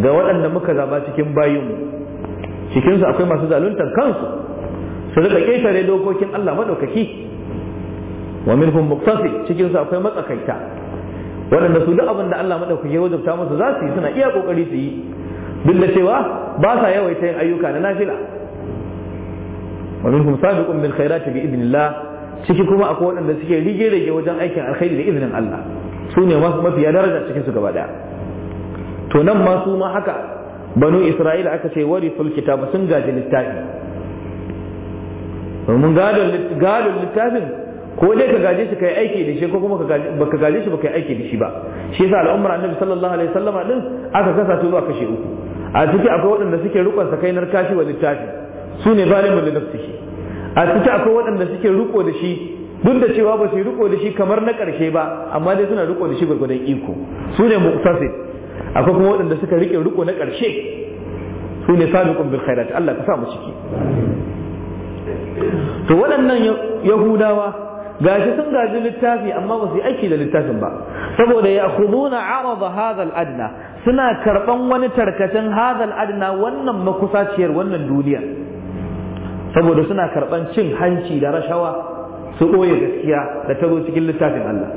ga waɗanda muka zaba cikin bayinmu cikinsu akwai masu zaluntar kansu su rika ƙetare dokokin Allah maɗaukaki. wa minhum muqtasid cikinsu su akwai matsakaita waɗanda su duk abin da Allah maɗaukaki ya wajabta musu za su yi suna iya ƙoƙari su yi duk da cewa ba sa yawaita yin ayyuka na nafila wa minhum sabiqun bil khairati bi idnillah ciki kuma akwai waɗanda suke rige-rige wajen aikin alkhairi da izinin Allah su ne mafiya daraja cikin su gaba daya to nan ma su ma haka banu isra'ila aka ce wari fulkita ba sun gaji littafi mun gadon littafin ko dai ka gaje shi kai aiki da shi ko kuma baka gaje shi baka yi aiki da shi ba shi yasa al'ummar annabi sallallahu alaihi wasallama din aka kasa su zuwa kashe uku a ciki akwai waɗanda suke rukun sakainar kashi wa littafi su ne zalimin da nafsihi a ciki akwai waɗanda suke ruko da shi duk da cewa ba su riko da shi kamar na ƙarshe ba amma dai suna riko da shi gwargwadon iko su ne muktasid akwai kuma waɗanda suka rike riko na ƙarshe su ne sabiqun bil khairat Allah ka sa mu ciki to waɗannan yahudawa gashi sun gaji littafi amma ba su yi aiki da littafin ba saboda ya khuduna arada hadha adna suna karban wani tarkacin hadha adna wannan makusaciyar wannan duniya saboda suna karban cin hanci da rashawa su ɓoye gaskiya da ta zo cikin littafin Allah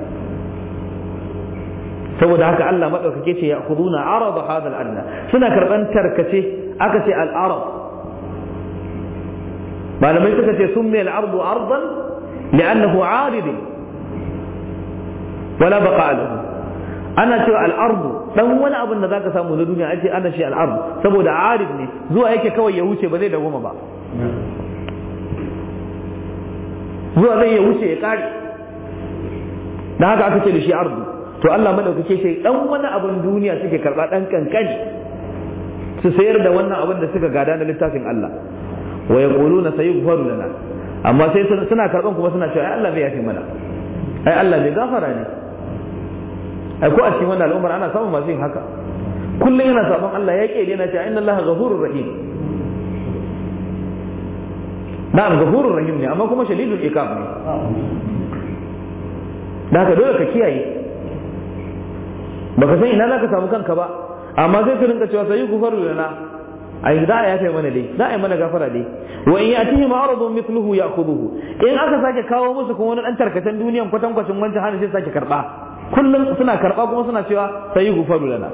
saboda haka Allah maɗaukake ce ya kuduna arab hadal adna suna karɓan tarkace aka ce al'arab malamai suka ce sun mai al'ardu ardan li'annahu aridin wala baqa alahu ana cewa al'ardu dan wani abin da ka samu na duniya ake ana shi al'ardu saboda arid ne zuwa yake kawai ya wuce ba zai dawoma ba zuwa zai ya wuce ya kare da haka aka ce da shi ardu to Allah madaukake shi dan wani abin duniya suke karba dan kankani su sayar da wannan abin da suka gada na littafin Allah wa yaquluna sayughfaru lana amma sai suna karban kuma suna cewa ai Allah bai yafe mana ai Allah bai gafara ne ai ko a cikin wannan al'ummar ana samun masu yin haka kullum yana sabon Allah ya ƙi yana cewa inna Allah ghafurur rahim na'am ghafurur rahim ne amma kuma shadidul iqab ne da ka dole ka kiyaye baka san ina zaka samu kanka ba amma sai ka rinka cewa sai gufaru lana ai da ya kai mana dai da ai mana gafara dai wa in yatihi ma'rudun mithluhu ya'khudhuhu in aka sake kawo musu kuma wani dan tarkatan duniyan kwatan kwacin wancan hannu sai sake karba kullum suna karba kuma suna cewa sai gufaru lana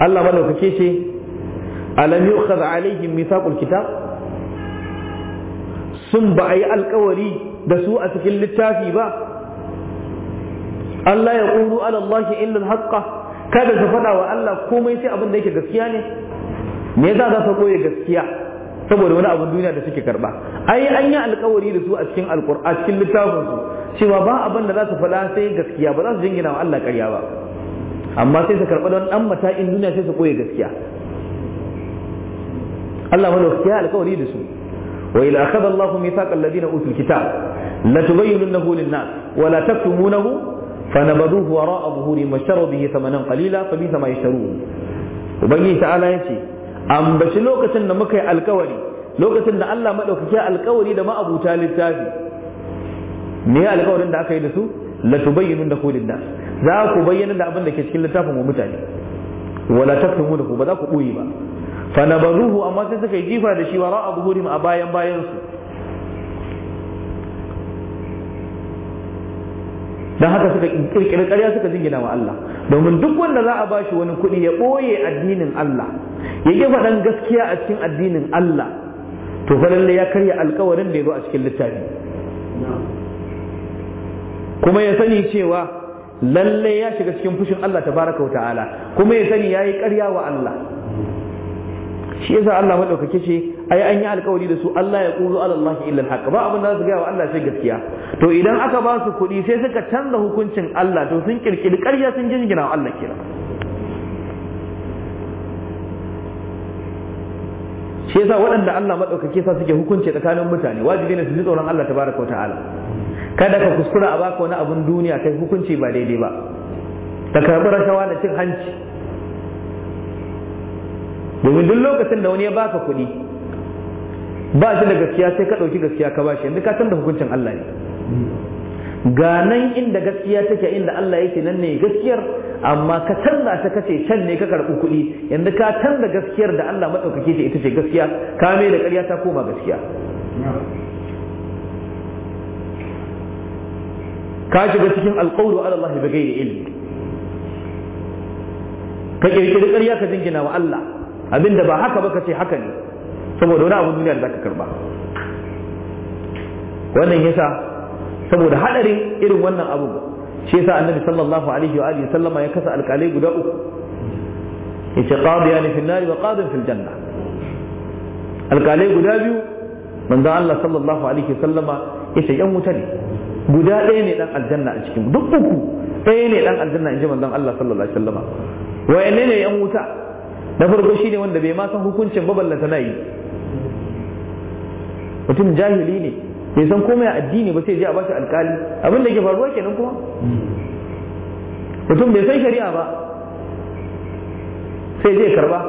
Allah madaukake ce alam yu'khadh alaihim mithaqul kitab sun ba a yi alkawari da su a cikin littafi ba Allah ya ƙuru ala Allah illa haqqa kada su faɗa wa Allah komai sai abin da yake gaskiya ne me yasa za su koye gaskiya saboda wani abin duniya da suke karba ai an yi alkawari da su a cikin alqur'ani cikin littafin su cewa ba abin da za su faɗa sai gaskiya ba za su jingina wa Allah ƙarya ba amma sai su karɓi don ɗan mata'in duniya sai su koye gaskiya Allah madaukaki ya alkawari da su wa ila akhadha Allahu mithaqal ladina utul kitab la tubayyinunahu lin-nas wa la taktumunahu fanabaduhu wara'a zuhurihim washtaru bihi thamanan qalila fabitha ma yashtarun ubangiji ta'ala yace bashi lokacin da muka yi alkawari lokacin da Allah madaukaki ya alkawari da ma'abuta littafi me alkawarin da aka yi da su la tubayyinunahu lin-nas za ku bayyana da abin da ke cikin littafin wa mutane wala taktumu da ku ba za ku ɓoye ba fa nabazuhu amma sai suka yi jifa da shi wara a bayan bayan su dan haka suka kirkiri ƙarya suka jingina wa Allah domin duk wanda za a bashi wani kuɗi ya ɓoye addinin Allah ya ƙi faɗan gaskiya a cikin addinin Allah to fa lalle ya karya alƙawarin da ya zo a cikin littafi kuma ya sani cewa lalle ya shiga cikin fushin Allah tabaraka wa ta'ala kuma ya sani yayi ƙarya wa Allah shi yasa Allah madaukake ce ai an yi alkawari da su Allah ya kuzo ala Allah illa alhaq ba abin da su ga wa Allah sai gaskiya to idan aka ba su kuɗi sai suka canza hukuncin Allah to sun kirkiri ƙarya sun jingina wa Allah kira shi yasa waɗanda Allah madaukake sa suke hukunci tsakanin mutane wajibi ne su ji tsoron Allah tabaraka wa ta'ala kada ka kuskura a baka wani abun duniya kai hukunci ba daidai ba ta karɓi rashawa da cin hanci domin duk lokacin da wani ya baka kuɗi ba shi da gaskiya sai ka ɗauki gaskiya ka bashi yanzu ka san da hukuncin Allah ne ga nan inda gaskiya take inda Allah yake nan ne gaskiyar amma ka canza ta kace can ne ka karɓi kuɗi yanzu ka canza gaskiyar da Allah maɗaukaki ce ita ce gaskiya ka mai da ƙarya ta koma gaskiya ka shiga cikin alƙawlu ala Allah bi ghairi ilmi ka kirkiri ƙarya ka jingina wa Allah abinda ba haka ba ka ce haka ne saboda wani abu duniya da zaka karba wannan yasa saboda hadarin irin wannan abu shi yasa annabi sallallahu alaihi wa alihi sallama ya kasa alkalai guda uku yace qadiyan fil nar wa qadin fil janna alkalai guda biyu manzo Allah sallallahu alaihi wa sallama yace yan wuta ne guda ɗaya ne dan aljanna a cikin duk uku ɗaya ne dan aljanna inji manzon Allah sallallahu alaihi wa sallama wa ne yan wuta na farko ne wanda bai ma san hukuncin baballanta na yi mutum jahili ne bai san komai addini ba sai je a shi alkali abin da ke faruwa kenan kuma mutum bai san shari'a ba sai je karba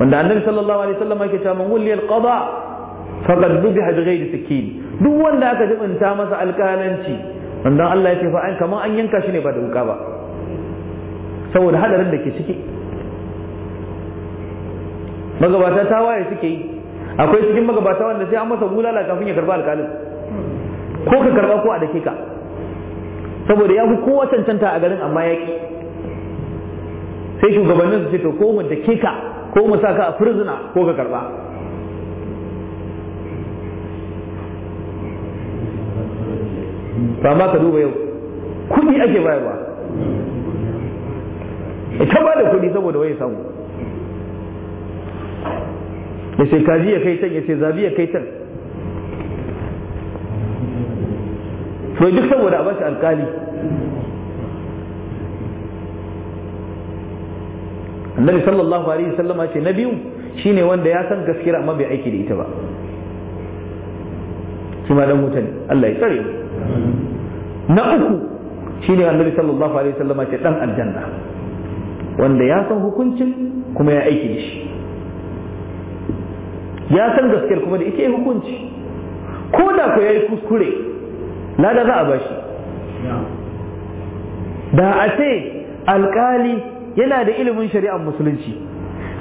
wanda annabi sallallahu alaihi wasallam yake cewa man wulli alqada faqad dubiha bighairi sakin duk wanda aka jibinta masa alkalanci wanda Allah ya ce fa an kamar an yanka shi ne ba da wuka ba saboda hadarin da ke ciki magabata ta waye suke yi akwai cikin magabata wanda sai an masa bulala kafin ya karba alkalin ko ka karba ko a dake ka saboda ya fi kowa cancanta a garin amma ya ki sai shugabannin su ce to ko mu dake ka ko mu sa ka a firzina ko ka karba ba ma ka duba yau kuɗi ake bayarwa ita ta ba da kuɗi saboda wai samu ya ce kaji ya kai can ya ce zabi ya kai can so duk saboda a bashi alkali annabi sallallahu alaihi wasallam ce na biyu shine wanda ya san gaskiya amma bai aiki da ita ba shi ma dan mutane Allah ya tsare na uku shine annabi sallallahu alaihi wasallam ce dan aljanna wanda ya san hukuncin kuma ya aiki da shi ya san gaskiyar kuma da ita ya hukunci ko da ku ya yi kuskure lada za a bashi da a ce alkali yana da ilimin shari'ar musulunci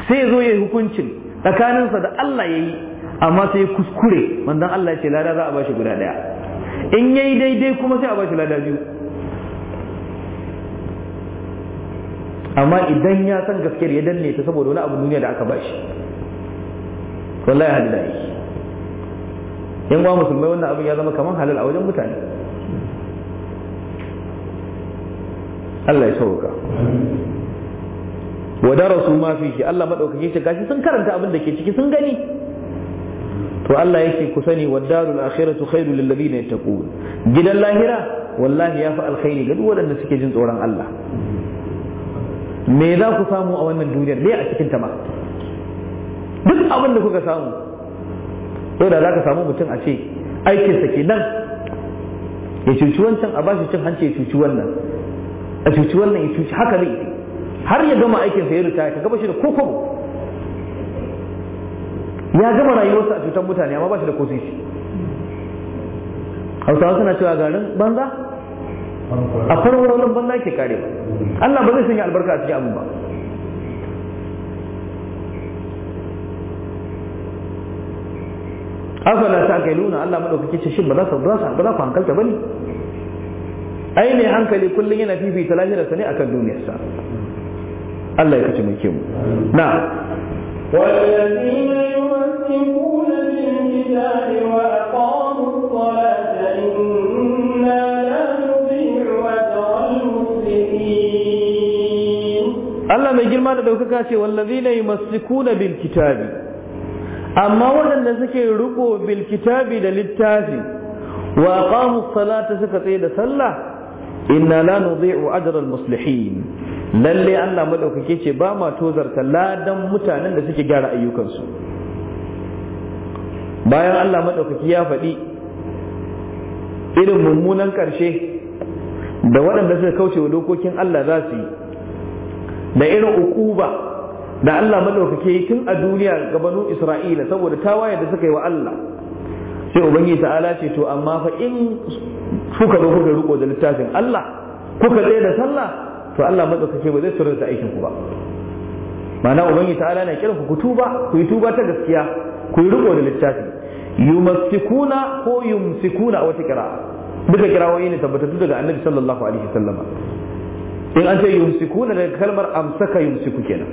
sai zo ya yi hukuncin tsakaninsa da Allah ya yi amma sai kuskure manzon Allah ya ce lada za a bashi guda ɗaya, in yayi daidai kuma sai a bashi lada biyu amma idan ya san gaskiyar ya danne ta saboda wani abu duniya da aka bashi wallahi hadda yi yan uwa musulmai wannan abin ya zama kamar halal a wajen mutane Allah ya sauka wa darasu ma fi shi Allah madaukake shi gashi sun karanta abin da ke ciki sun gani to Allah yake ku sani wa darul akhiratu khairul lil ladina yattaqun gidan lahira wallahi ya fi alkhairi ga duk waɗanda suke jin tsoron Allah me za ku samu a wannan duniyar me a cikin ta ma duk abin da kuka samu to da za ka samu mutum a ce aikinsa kenan ya cuci wancan a bashi cin hanci ya cuci wannan a cuci wannan ya cuci haka ne har ya gama aikinsa ya ritaya ka gaba shi da kokobo ya gama rayuwarsa a cutar mutane amma ba shi da kosi shi hausawa suna cewa garin banza a wani banza ke kare Allah ba zai sanya albarka a cikin abin ba afala ta kai nuna Allah madaukake ce shin ba za su ba za ka hankalta bane ai ne hankali kullun yana fifita lahirar sa ne akan duniyar sa Allah ya kace muke mu na والذين يمسكون بالكتاب وأقاموا الصلاة Allah mai girma da daukaka ce wallazi ne maslikuna bil kitabi amma waɗanda suke riko bil kitabi da littafi wa aqamu salata suka tsaye da sallah inna la nudhi'u ajra al muslihin lalle Allah madaukake ce ba ma tozarta ladan mutanen da suke gyara ayyukansu bayan Allah madaukaki ya faɗi irin mummunan ƙarshe da waɗanda suka kauce wa dokokin Allah za su yi da irin ukuba da Allah madaukake tun a duniya ga banu Isra'ila saboda tawaye da suka yi wa Allah sai ubangiji ta'ala ce to amma fa in kuka zo kuka riko da littafin Allah kuka tsaye da sallah to Allah madaukake ba zai da aikin ku ba ma'ana ubangiji ta'ala na kiran ku tuba ku yi tuba ta gaskiya ku yi riko da littafi yumsikuna ko yumsikuna a wata kira duka kirawoyi ne tabbatattu daga annabi sallallahu alaihi wasallam in an ce yumsikuna daga kalmar amsaka yumsiku kenan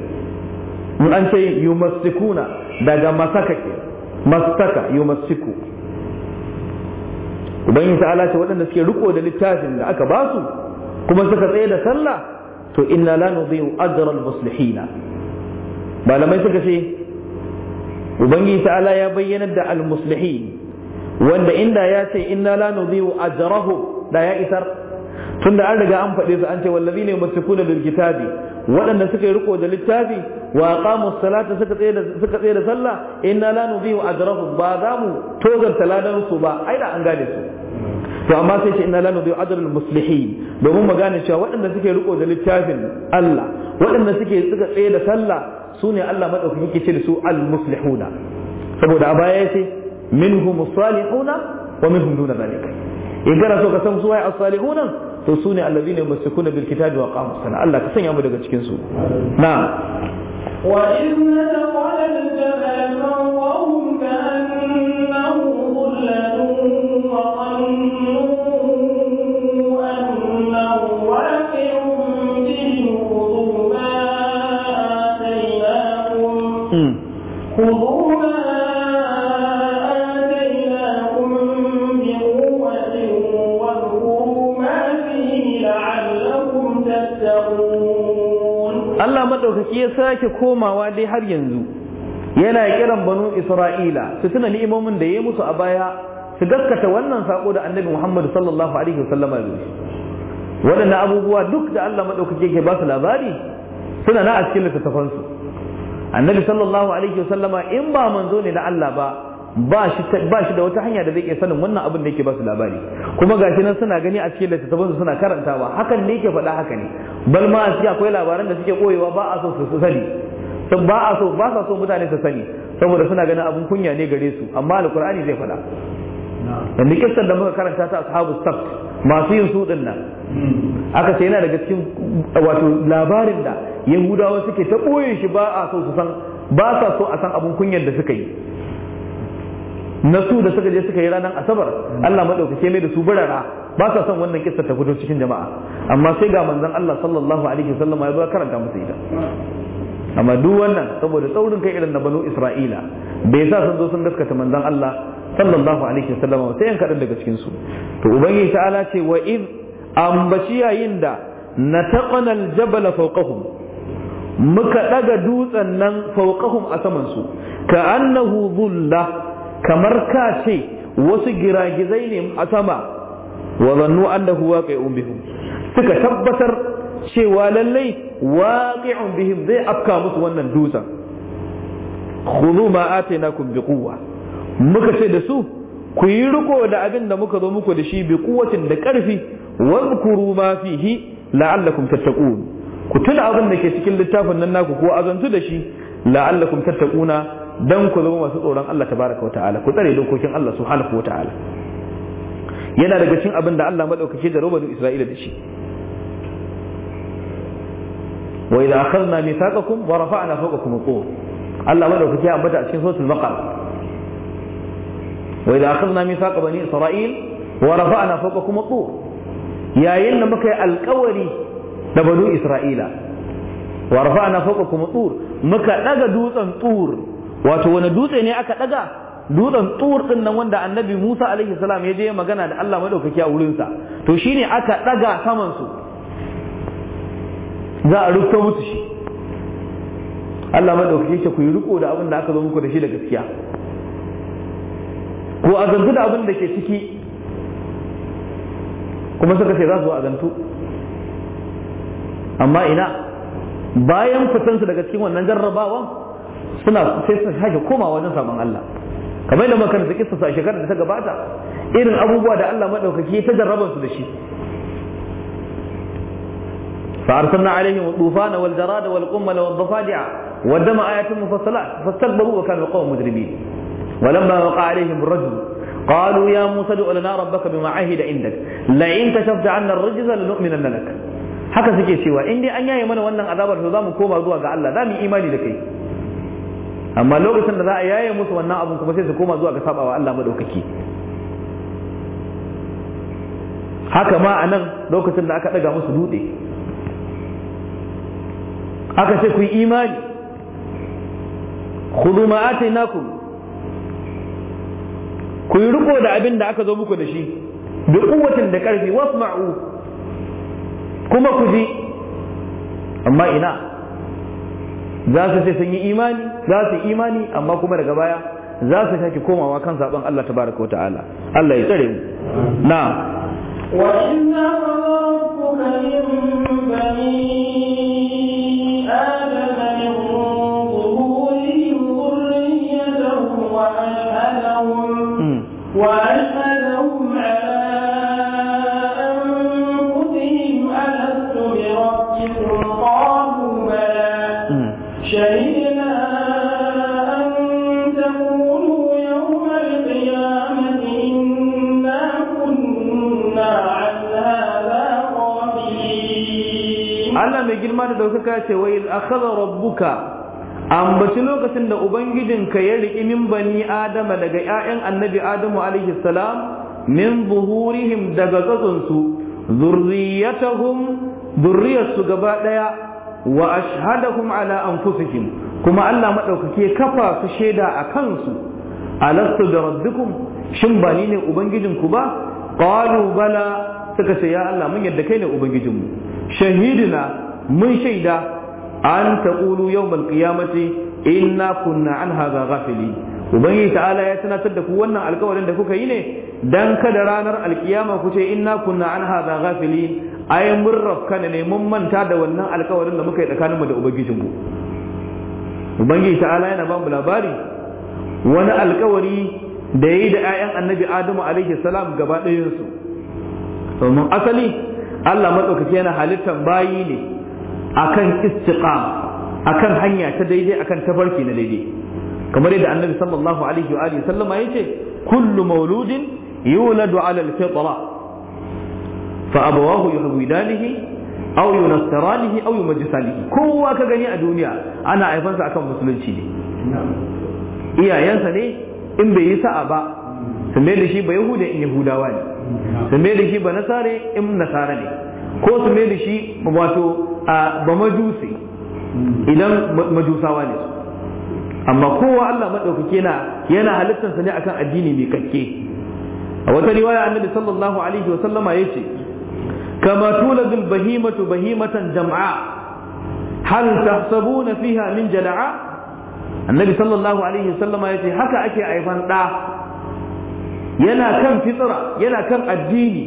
in an ce yumassikuna daga masaka kenan masaka yumassiku ubangiji ta'ala ce waɗanda suke riko da littafin da aka ba su kuma suka tsaye da sallah to inna la nudhi'u ajra al-muslihina malamai suka ce ubangiji ta'ala ya bayyana da al-muslihin wanda inda ya ce inna la nudhi'u ajrahu da ya isar tunda an riga an faɗe su an ce wallazi ne musikuna bil kitabi waɗanda suka yi riko da littafi wa aqamu salata suka tsaye da suka tsaye da sallah inna la nudhi'u ajrahum ba za mu togar ladan su ba ai da an gane su to amma sai ce inna la nudhi'u ajra al muslihin domin mu gane cewa waɗanda suke riko da littafin Allah waɗanda suke suka tsaye da sallah sune Allah madaukakin yake ce da su al muslihuna saboda a baya yace minhum salihuna wa minhum duna zalika in kana so ka san su wai as salihuna to su ne allazina yumsikuna bil kitabi wa qamus sana Allah ka sanya mu daga cikin su na'am wa baki ya sake komawa dai har yanzu yana kiran banu isra'ila su tuna ni'imomin da ya musu a baya su gaskata wannan sako da annabi muhammad sallallahu alaihi wasallama ya waɗannan abubuwa duk da allah maɗaukaki ke ba su labari suna na a cikin littattafansu annabi sallallahu alaihi wasallama in ba manzo ne na allah ba ba shi da wata hanya da zai iya sanin wannan abin da yake ba su labari kuma ga shi nan suna gani a cikin littattafansu suna karantawa hakan ne yake faɗa haka ne bal ma a cikin akwai labaran da suke koyewa ba a so su sani ba a so ba sa so mutane su sani saboda suna ganin abin kunya ne gare su amma alkur'ani zai faɗa yanzu kistan da muka karanta ta ashabu sabt masu yin su nan aka ce yana daga cikin wato labarin da yahudawa suke ta ɓoye shi ba a so su san ba sa so a san abin kunyar da suka yi na su da suka je suka yi ranar asabar Allah madaukake mai da su barara ba sa son wannan kissa ta fito cikin jama'a amma sai ga manzon Allah sallallahu alaihi wasallam ya karanta musu ita amma duk wannan saboda tsaurin kai irin na banu Isra'ila bai sa sun zo sun gaskata manzon Allah sallallahu alaihi wasallam sai yan kadan daga cikin su to ubangiji ta'ala ce wa in ambaci yayin da nataqana al-jabal fawqahum muka daga dutsen nan fawqahum a saman su ka annahu dhulla kamar ka ce wasu giragizai ne a sama wa huwa Kai un bihim suka tabbatar cewa lallai un bihim zai afka musu wannan dutsen khudhu ma atainakum biquwwa muka ce da su ku yi riko da abin da muka zo muku da shi bi kuwacin da ƙarfi wadhkuru ma fihi la'allakum tattaqun ku tuna abin da ke cikin littafin nan naku ko azantu da shi la'allakum tattaquna dan ku zama masu tsoron Allah tabaraka wa ta'ala ku tsare dokokin Allah subhanahu wa ta'ala yana daga cikin abin da Allah madaukake da rubanu Isra'ila da shi wa idza akhadna mithaqakum wa rafa'na fawqakum al-tur Allah madaukake ya ambata a cikin suratul baqara wa idza akhadna mithaqa bani isra'il wa rafa'na fawqakum al-tur yayin da muka yi alƙawari da banu Isra'ila wa rafa'na fawqakum al-tur muka daga dutsen tur wato wani dutse ne aka daga dutsen tur din nan wanda annabi Musa alaihi salam ya je magana da Allah madaukaki a wurinsa to shine aka daga saman su za a rufe musu shi Allah madaukaki ya ku yi riko da abin da aka zo muku da shi da gaskiya ko zantu da abin da ke ciki kuma suka ce za su zantu amma ina bayan fitansu daga cikin wannan jarrabawan suna sai su sake koma wajen saman Allah kamar da muka da kissa a shekarar da ta gabata irin abubuwa da Allah madaukaki ta jarraban su da shi فأرسلنا عليهم الطوفان والجراد والقمل والضفادع والدم آيات مفصلات فاستكبروا وكانوا قوم مجرمين ولما وقع عليهم الرجل قالوا يا موسى ادع لنا ربك بما عهد عندك لئن كشفت عنا الرجز لنؤمنن لك haka suke cewa in dai an yaye mana wannan azabar to za mu koma zuwa ga Allah za mu imani da kai amma lokacin da za a yaye musu wannan abun kuma sai su koma zuwa ga sabawa Allah madaukaki haka ma a nan lokacin da aka daga musu dutse aka ce ku yi imani khudu ma atainakum ku yi riko da abin da aka zo muku da shi bi kuwatin da karfi wasma'u kuma ku ji amma ina za su ce sun yi imani za su yi imani amma kuma daga baya za su sake komawa kan zaben Allah tabaraka wa ta'ala Allah ya tsare mu na wa inna rabbuka min bani adama min ظهورهم ذريتهم ɗaukaka ce wa akhadha rabbuka ambaci lokacin da ubangijinka ya riki min bani adama daga 'ya'yan annabi adamu alaihi salam min zuhurihim daga tsatsunsu zurriyatahum zurriyarsu gaba ɗaya wa ashhadahum ala anfusihim kuma Allah maɗaukake kafa su shaida a kansu alastu da rabbikum shin ba ni ne ubangijinku ba qalu bala suka ce ya Allah mun yadda kai ne ubangijinmu shahidina mun shaida an taqulu yawmal qiyamati inna kunna an hadha ghafili ubangiji ta'ala ya sanatar da ku wannan alkawarin da kuka yi ne dan kada ranar alkiyama ku ce inna kunna an hadha ghafili ai mun rafkana ne mun manta da wannan alkawarin da muka yi tsakaninmu da ubangijinmu ubangiji ta'ala yana ba mu labari wani alkawari da yi da 'ya'yan annabi adamu alaihi salam gaba ɗayansu domin asali allah maɗaukaki yana halittar bayi ne akan istiqam akan hanya ta daidai akan tafarki na daidai kamar yadda annabi sallallahu alaihi wa alihi sallama yace kullu mauludin yuladu ala alfitra fa abawahu yuhwidanihi aw yunastaranihi aw yumajjisanihi kowa ka gani a duniya ana haifansa akan musulunci ne iyayensa ne in bai yi sa'a ba su da shi ba yahuda in yahudawa ne su da shi ba nasare in nasara ne ko su mai da shi wato ba majusi idan majusawa ne amma kowa Allah maɗaukaki na, yana halittarsa ne akan addini mai kakke a wata riwaya annabi sallallahu alaihi wa sallama ya yace kama tuladul bahimatu bahimatan jam'a hal tahsabuna fiha min jala'a annabi sallallahu alaihi wa sallama ya ce, haka ake aifan da yana kan fitsira yana kan addini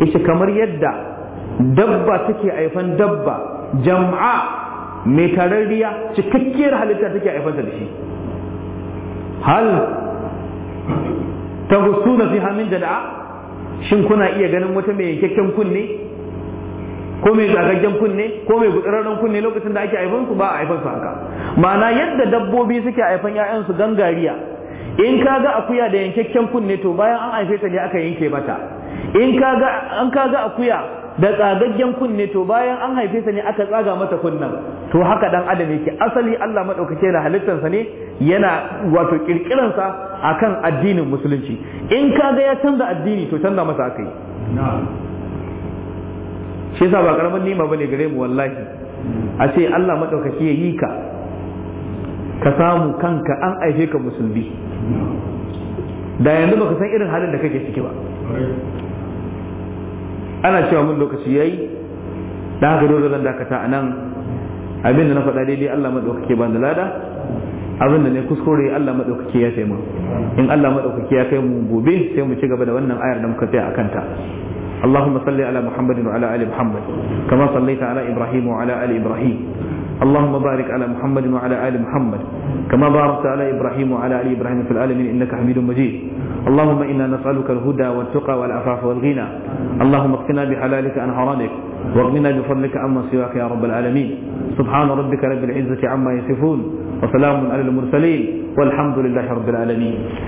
yace kamar yadda dabba take haifan dabba jam'a mai tararriya cikakkiyar halitta take haifansa da shi hal ta na fi hamin jada'a shin kuna iya ganin wata mai yankakken kunne ko mai zagaggen kunne ko mai gutsararren kunne lokacin da ake haifansu ba a haifansu haka ma'ana yadda dabbobi suke haifan 'ya'yansu gangariya in ka ga akuya da yankakken kunne to bayan an haife ta ne aka yanke mata in kaga an ga akuya da tsagaggen kunne to bayan an haife sa ne aka tsaga mata kunnan, to haka dan adam yake asali Allah madaukake da sa ne yana wato sa akan addinin musulunci in kaga ya canza addini to canza masa akai shi yasa ba karamin nima bane gare mu wallahi a ce Allah madaukake ya yi ka ka samu kanka an aife ka musulmi da yanzu baka san irin halin da kake ciki ba ana cewa mun lokaci yayi da haka dole zan dakata a nan abinda na faɗa daidai Allah maɗaukake ban da lada abinda ne kuskure Allah maɗaukake ya mu in Allah maɗaukake ya kai mu gobe sai mu ci gaba da wannan ayar da muka tsaya a kanta اللهم صل على محمد وعلى ال محمد كما صليت على ابراهيم وعلى ال ابراهيم اللهم بارك على محمد وعلى آل محمد كما باركت على إبراهيم وعلى آل إبراهيم في العالمين إنك حميد مجيد اللهم إنا نسألك الهدى والتقى والعفاف والغنى اللهم اقتنا بحلالك عن حرامك واغننا بفضلك عما سواك يا رب العالمين سبحان ربك رب العزة عما يصفون وسلام على المرسلين والحمد لله رب العالمين